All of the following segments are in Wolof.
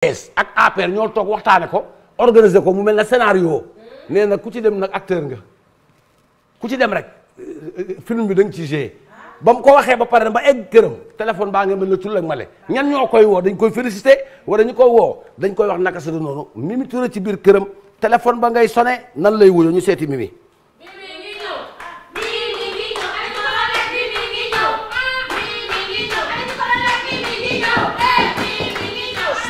PS ak APR ñoo toog waxtaane ko organiser ko mu mel na scénario nee na ku ci dem nag acteur nga ku ci dem rek euh, film bi da nga ci gérer ba mu ko waxee ba pare ba egg këram téléphone baa nga mel ne tull ak male ñan ñoo koy woo dañ koy félicité wala ñu koy woo dañ koy wax naka sa du noonu Mimi Touré ci biir këram téléphone ba ngay sone nan lay wuyoo ñu seeti Mimi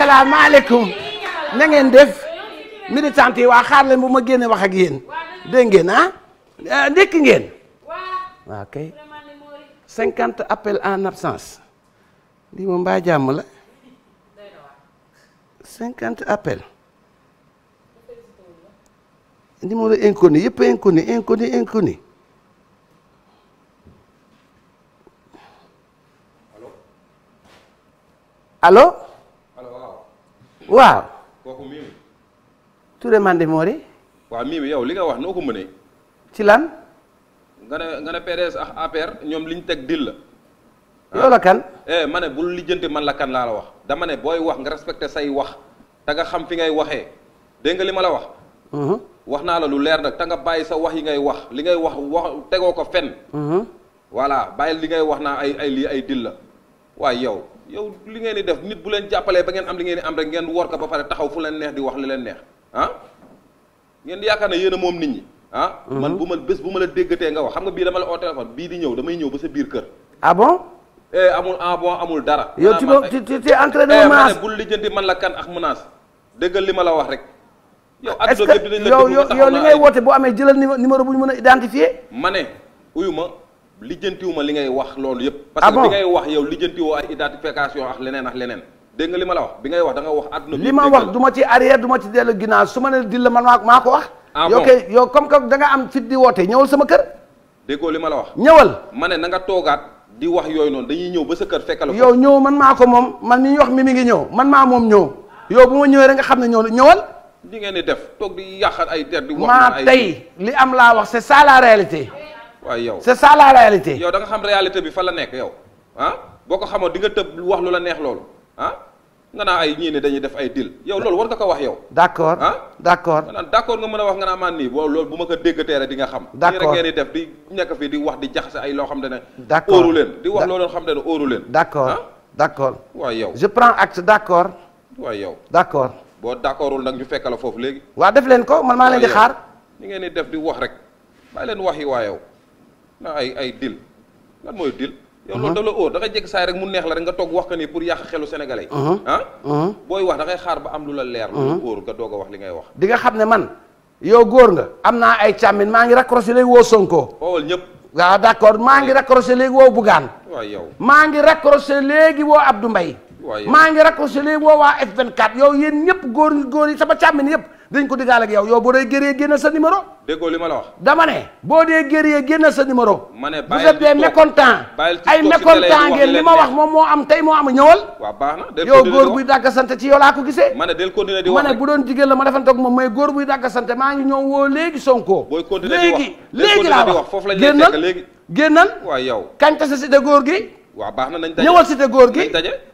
asalaamaaleykum na ngeen def militant yi waa xaar leen bu ma génne wax ak yéen dégg ngeen ah eh, ndékki ngeen cinquante appel en absence lii moom mbaa la cinquante appel numéro inconnu yëpp inconnu inconnu inconnu allo waaw. kooku miim. Touré Mandé Mori. waaw miim yow li nga wax noo ko mënee. ci lan. nga ne nga ne PDS ak APR ñoom liñ teg dil la. Ah. yow la kan. eh ma ne bul lijjanti man la kan laa la wax dama ne booy wax nga respecté say wax te nga xam fi ngay waxee dégg nga li ma la wax. Mhm. wax naa la lu leer nag te nga bàyyi sa wax yi ngay wax li ngay wax wax tegoo ko fenn. Mhm. voilà bàyyi li ngay wax naa ay ay lii ay dill la. waaye yow yow li ngeen di def nit bu leen jàppalee ba ngeen am li ngeen di am rek ngeen wor ko ba pare taxaw fu leen neex di wax li leen neex ah? ngeen di yaakaar na yéen a moom nit ñi ah mhm. man bu ma bés bu ma la déggatee nga wax xam nga bii dama la oo téléphone bii di ñëw damay ñëw ba sa biir kër ah bon eh amul ah bon amul dara yow tu es en train de eh, me menacer bul lijjanti man la kan ak menace déggal li ma la wax rek yow est-ce que yow yow li ngay woote boo amee jëlal numéro bu ñu mën a identifier ma ne uyu ma lijjantiwuma li ngay wax loolu yëpp. Ah parce que bi ngay wax yow lijjantiwoo ay identification ak leneen ak leneen. dégg nga li ma la wax bi ngay wax da nga wax àdduna bi. li ma wax du ma ci arrière du ma ci dellu ginnaaw su ma ne di la man maa ko wax. ah bon yow kay yow comme que danga nga am fit di woote ñëwal sama kër. déggoo li ma la wax. ñëwal ma ne na nga toogaat di wax yooyu noonu dañuy ñëw ba sa kër fekkal. yow ñëw man maa ko moom man mi ñu wax mi mi ngi ñëw man maa moom ñëw yow bu ma ñëwee rek xam ne ñëw ñëwal. li ngeen di def toog di yàqal ay der di wax. maa tey li am laa wax c'est ça la réalité waaye yow c'est ça la réalité. yow danga nga xam réalité bi fa la nekk yow ah? boo ko xamoon di nga tëb wax lu la neex loolu ah nga naa ay ñii ne dañuy def ay dil yow loolu war nga ko wax yow. d'accord ah d'accord. nga naan d'accord nga mën a wax nga naa maan nii boo loolu bu ma ko déggatee rek di nga xam. d'accord nii rek ngeen di di nekk fii ay loo xam ne ne. d'accord óoru leen di wax loolu xam ne ne óoru leen. d'accord ah? d'accord. waaye yow je prends acte d'accord. waaye yow d'accord. boo d'accordul nag ñu fekk la foofu léegi. waa def leen ko man maa leen di xaar. ni ngeen di def di wax rek bàyyi leen wax yi waa yow na ah, ay ay dil lan mooy dil yow uh-huh. loolu da la óor da nga saay rek mu neex la rek nga toog wax ko nii pour yàq xelu sénégalais yi uh-huh. Ah? Uh-huh. booy wax da xaar ba am lu la leer lu óor nga doog a wax li ngay wax di nga xam ne man yow góor nga am naa ay càmmin maa ngi raccroché léegi woo Sonko woowal ñëpp waaw d'accord maa ngi raccroché léegi woo Bougane waaw yow maa ngi raccroché léegi woo Abdou Mbaye maa ngi raccroché léegi woo waa F24 yow yéen ñëpp góor ñi góor yi sama càmmin yëpp dañ ko diggaale ak yow yow boo dee guerrier génn sa numéro. déggoo li ma la wax. dama ne boo dee guerrier génn sa numéro. ma ne bàyyil di toog vous êtes mécontent ay mécontent ngeen li ma wax moom moo am tey moo am ñëwal. waaw baax na yow góor buy dàgg sant ci yow laa ko gisee. ma ne del continuer di wax ma ne bu doon jigéen la ma defante ak moom mooy buy dàgg sante maa ngi ñëw woo léegi Sonko. booy continuer di wax léegi léegi laa wax foofu lañ lay fekk léegi génnal génnal. yow kañ tasa si de góor gi waaw baax na nañ daje ñëwal cité góor gi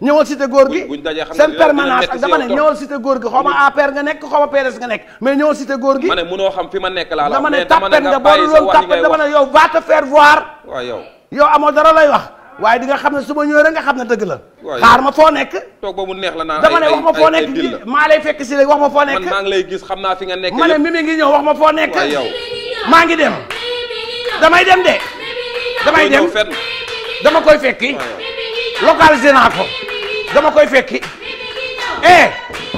ñëwal cité góor gi buñ daje xam seen permanence ak dama ne ñëwal cité góor gi xaw ma APR nga nekk xaw ma nga nekk mais ñëwal cité góor gi ne mënoo xam ma nekk laa la dama ne tàppet xam ne dëgg la xaar ma foo nekk toog ba la naan dama ne wax ma foo nekk maa lay fekk si léegi wax ma foo nekk maa ngi lay gis ma ne mi mi ngi ñëw maa ngi dem damay dem de damay dem dama koy fekki localisé naa ko dama koy fekki eh